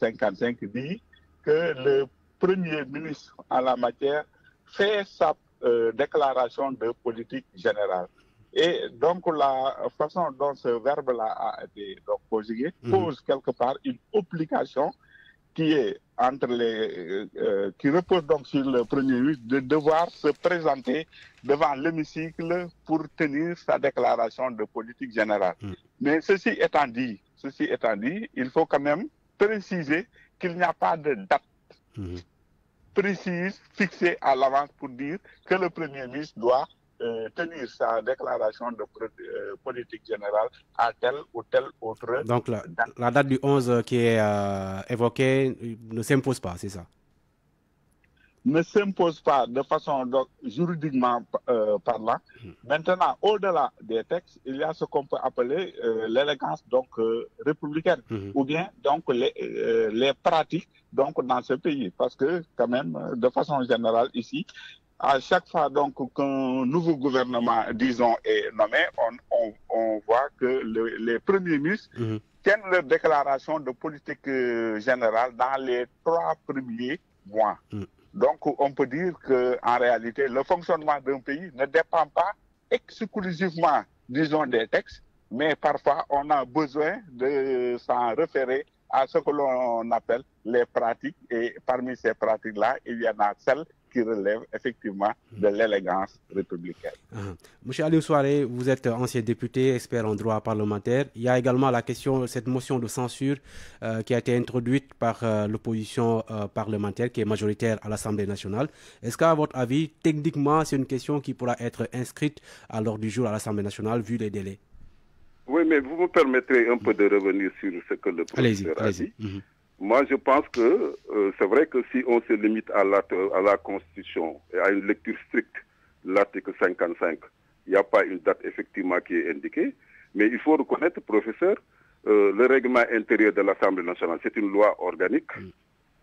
55 dit que le premier ministre en la matière fait sa euh, déclaration de politique générale. Et donc la façon dont ce verbe-là a été posé mhm. pose quelque part une obligation qui est entre les euh, euh, qui repose donc sur le premier ministre de devoir se présenter devant l'hémicycle pour tenir sa déclaration de politique générale. Mhm. Mais ceci étant dit, ceci étant dit, il faut quand même préciser qu'il n'y a pas de date. Mhm précise fixée à l'avance pour dire que le Premier ministre doit euh, tenir sa déclaration de euh, politique générale à tel ou tel autre. Donc la, date, du 11 euh, qui est évoquée ne s'impose pas, c'est ça ne s'impose pas de façon donc, juridiquement euh, parlant. Hmm. Maintenant, au-delà des textes, il y a ce qu'on peut appeler euh, l'élégance donc euh, républicaine hmm. ou bien donc les, pratiques donc dans ce pays parce que quand même de façon générale ici à chaque fois donc qu'un nouveau gouvernement disons est nommé on, voit que les premiers ministres hmm. tiennent leur déclaration de politique générale dans les trois premiers mois. Donc, on peut dire qu'en réalité, le fonctionnement d'un pays ne dépend pas exclusivement, disons, des textes, mais parfois, on a besoin de s'en référer à ce que l'on appelle les pratiques. Et parmi ces pratiques-là, il y en a celles relève effectivement de l'élégance républicaine. Ah. Monsieur Aliou Soare, vous êtes ancien député, expert en droit parlementaire. Il y a également la question, cette motion de censure euh, qui a été introduite par euh, l'opposition euh, parlementaire qui est majoritaire à l'Assemblée nationale. Est-ce qu'à votre avis, techniquement, c'est une question qui pourra être inscrite à l'ordre du jour à l'Assemblée nationale vu les délais Oui, mais vous me permettrez un peu de revenir sur ce que le président. a dit. Mhm. Moi, je pense que euh, c'est vrai que si on se limite à la, Constitution et à une lecture stricte de l'article 55, il n'y a pas une date effectivement qui est indiquée. Mais il faut reconnaître, professeur, euh, le règlement intérieur de l'Assemblée nationale, c'est une loi organique. Mm.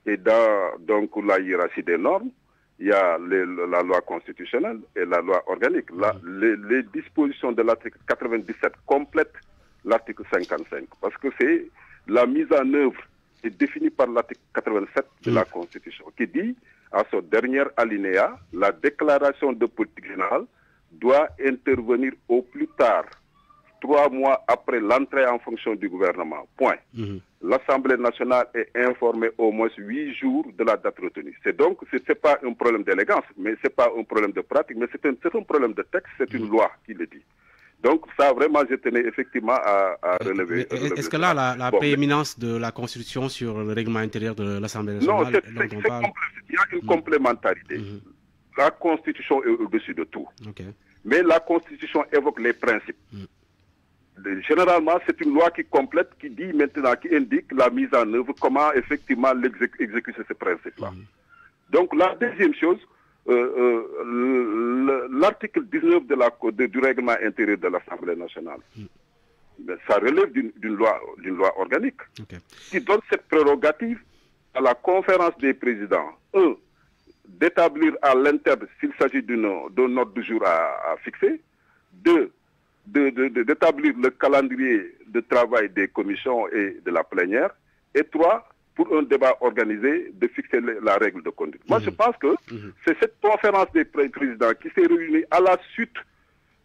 Et dans donc, la hiérarchie des normes, il y a la loi constitutionnelle et la loi organique. Mm. les, les, dispositions de l'article 97 complètent l'article 55 parce que c'est la mise en œuvre est défini par l'article 87 de la mm. Constitution, qui dit, à son dernier alinéa, la déclaration de politique générale doit intervenir au plus tard trois mois après l'entrée en fonction du gouvernement. Point. Mm-hmm. L'Assemblée nationale est informée au moins huit jours de la date retenue. C'est donc, ce n'est pas un problème d'élégance, mais ce n'est pas un problème de pratique, mais c'est un, un, problème de texte, c'est une mm-hmm. loi qui le dit. Donc ça, vraiment, je tenais effectivement à, euh, relever. Est-ce que là, la, prééminence de la Constitution sur le règlement intérieur de l'Assemblée nationale... Non, c'est, parle... il y a une mm. complémentarité. Mm-hmm. La Constitution est au-dessus de tout. Mais la Constitution évoque les principes. Mm. Généralement, c'est une loi qui complète, qui dit maintenant, qui indique la mise en œuvre, comment effectivement exécuter ces principes-là. Mm-hmm. Donc la deuxième chose, euh, euh, l'article 19 de la, du règlement intérieur de l'Assemblée nationale. Mm. Ça relève d'une loi, d'une loi organique qui donne cette prérogative à la conférence des présidents. Un, d'établir à l'interne s'il s'agit d'une note du jour à, fixer. Deux, d'établir le calendrier de travail des commissions et de la plénière. Et trois, pour un débat organisé de fixer la règle de conduite. Moi, je mhm. pense que mhm. c'est cette conférence des présidents qui s'est réunie à la suite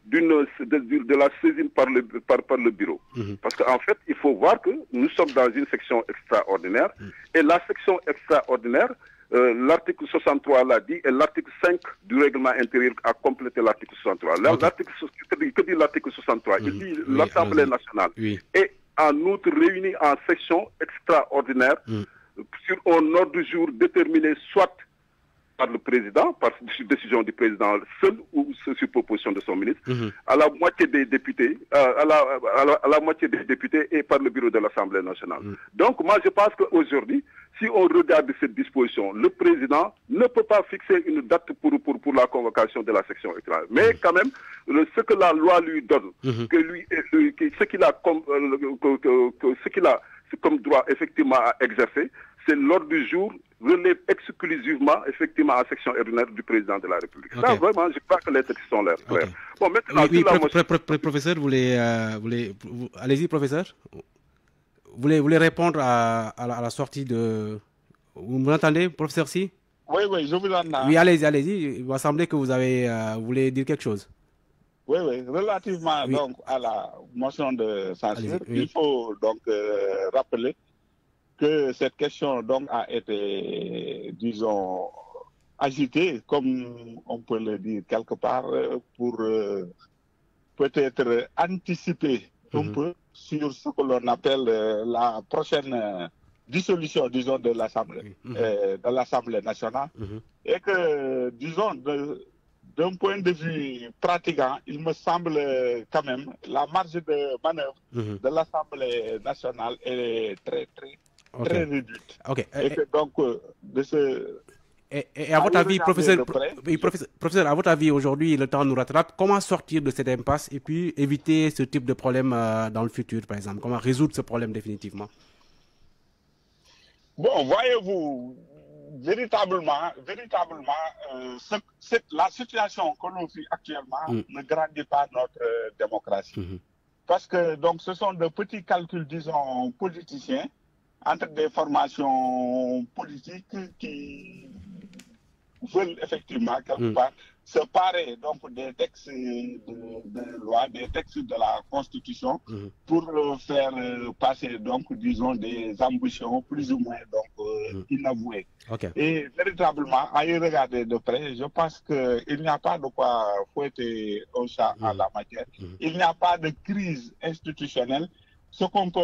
d'une de, la saisine par le, par, le bureau. Mhm. Parce qu'en fait, il faut voir que nous sommes dans une section extraordinaire et la section extraordinaire, euh, l'article 63 l'a dit, et l'article 5 du règlement intérieur a complété l'article 63. Okay. L'article, que dit l'article 63 Il dit l'Assemblée nationale et en outre réunis en section extraordinaire mm. sur un ordre du jour déterminé soit par le président, par décision du président seul ou sur proposition de son ministre, mhm. à la moitié des députés, euh, à la, moitié des députés et par le bureau de l'Assemblée nationale. Mhm. Donc moi je pense qu'aujourd'hui, si on regarde cette disposition, le président ne peut pas fixer une date pour, la convocation de la section électorale. Mais mhm. quand même, ce que la loi lui donne, euh, euh, ce qu'il a, comme, ce qu'il a comme droit effectivement à exercer, c'est l'ordre du jour relève exclusivement, effectivement, à la section ordinaire du président de la République. Ça, vraiment, je crois que les textes sont là, clairs. Bon, maintenant, oui, professeur, vous voulez, euh, voulez allez-y, professeur. Vous voulez, voulez répondre à, la, sortie de... Vous m'entendez, professeur, si Oui, oui, je vous Oui, allez-y, allez-y. Il m'a semblé que vous avez, euh, voulu dire quelque chose. Oui, oui. Relativement, donc, à la motion de censure, il faut, donc, euh, rappeler que cette question donc a été, disons, agitée, comme on peut le dire quelque part, euh, pour euh, peut-être anticiper un mhm. peu sur ce que l'on appelle euh, la prochaine dissolution, disons, de l'Assemblée, mhm. de l'Assemblée nationale, mhm. et que, disons, d'un point de vue pratiquant, il me semble quand même la marge de manœuvre de l'Assemblée nationale est très très Ok. Très Et, donc, euh, de ce, et, à votre avis, professeur, professeur, à votre avis, aujourd'hui, le temps nous rattrape. Comment sortir de cette impasse et puis éviter ce type de problème euh, dans le futur, par exemple Comment résoudre ce problème définitivement Bon, voyez-vous, véritablement, véritablement euh, la situation que nous vivons actuellement mm. ne grandit pas notre démocratie. Mm-hmm. Parce que donc, ce sont de petits calculs, disons, politiciens entre des formations politiques qui veulent effectivement quelque hmm. part se parer donc des textes de, loi, des textes de la Constitution hmm. pour faire euh, passer donc disons des ambitions plus ou moins donc euh, hmm. inavouées. Et véritablement, à y regarder de près, je pense qu'il n'y a pas de quoi fouetter au chat en la matière. Il n'y a pas de crise institutionnelle ce qu'on peut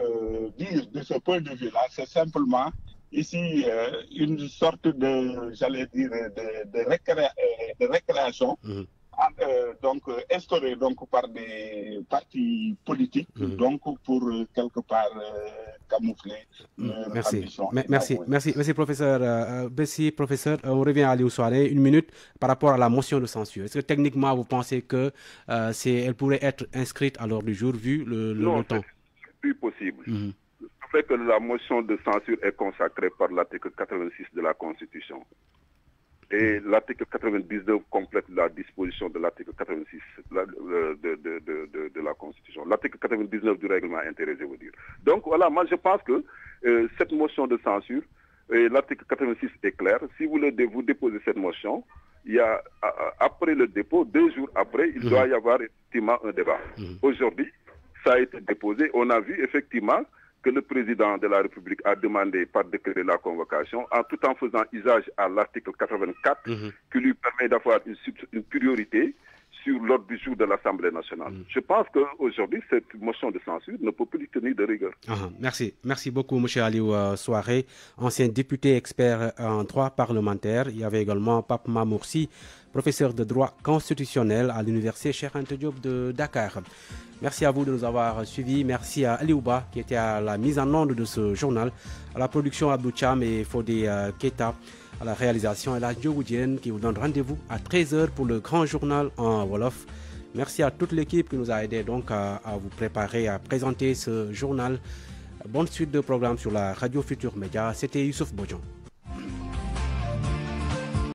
euh, dire de ce point de vue-là, c'est simplement ici euh, une sorte de, j'allais dire, de, euh, récréation mhm. Ah, euh, donc euh, instauré donc par des partis politiques mhm. donc pour euh, quelque part euh, camoufler mm, merci. merci merci merci professeur Merci, professeur on revient à Léo soirée. une minute par rapport à la motion de censure est-ce que techniquement vous pensez que c'est elle pourrait être inscrite à l'ordre du jour vu le, le, non, plus possible mhm. fait que la motion de censure est consacrée par l'article 86 de la Constitution. Et l'article 99 complète la disposition de l'article 86 euh, de, la Constitution. L'article 99 du règlement intérêt, je veux dire. Donc voilà, moi je pense que euh, cette motion de censure, et l'article 86 est clair. Si vous, le, vous déposez cette motion, il y a, après le dépôt, deux jours après, il doit y avoir effectivement un débat. Mmh. Mmh. Aujourd'hui, ça a été déposé. On a vu effectivement que le président de la République a demandé par décret la convocation, en tout en faisant usage à l'article 84, mhm. qui lui permet d'avoir une, priorité sur l'ordre du jour de l'Assemblée nationale. Mhm. Je pense qu'aujourd'hui, cette motion de censure ne peut plus tenir de rigueur. Ah, merci. Merci beaucoup, M. Aliou euh, Soare, ancien député expert en droit parlementaire. Il y avait également Pape Mamoursi, professeur de droit constitutionnel à l'université Cheikh Anta Diop de Dakar. Merci à vous de nous avoir suivis. Merci à Aliouba qui était à la mise en ordre de ce journal, à la production à Cham et Fodé euh, Keta, à la réalisation et la qui vous donne rendez-vous à 13h pour le grand journal en Wolof. Merci à toute l'équipe qui nous a aidé donc à, vous préparer, à présenter ce journal. Bonne suite de programme sur la Radio Future Média. C'était Youssouf Bojan.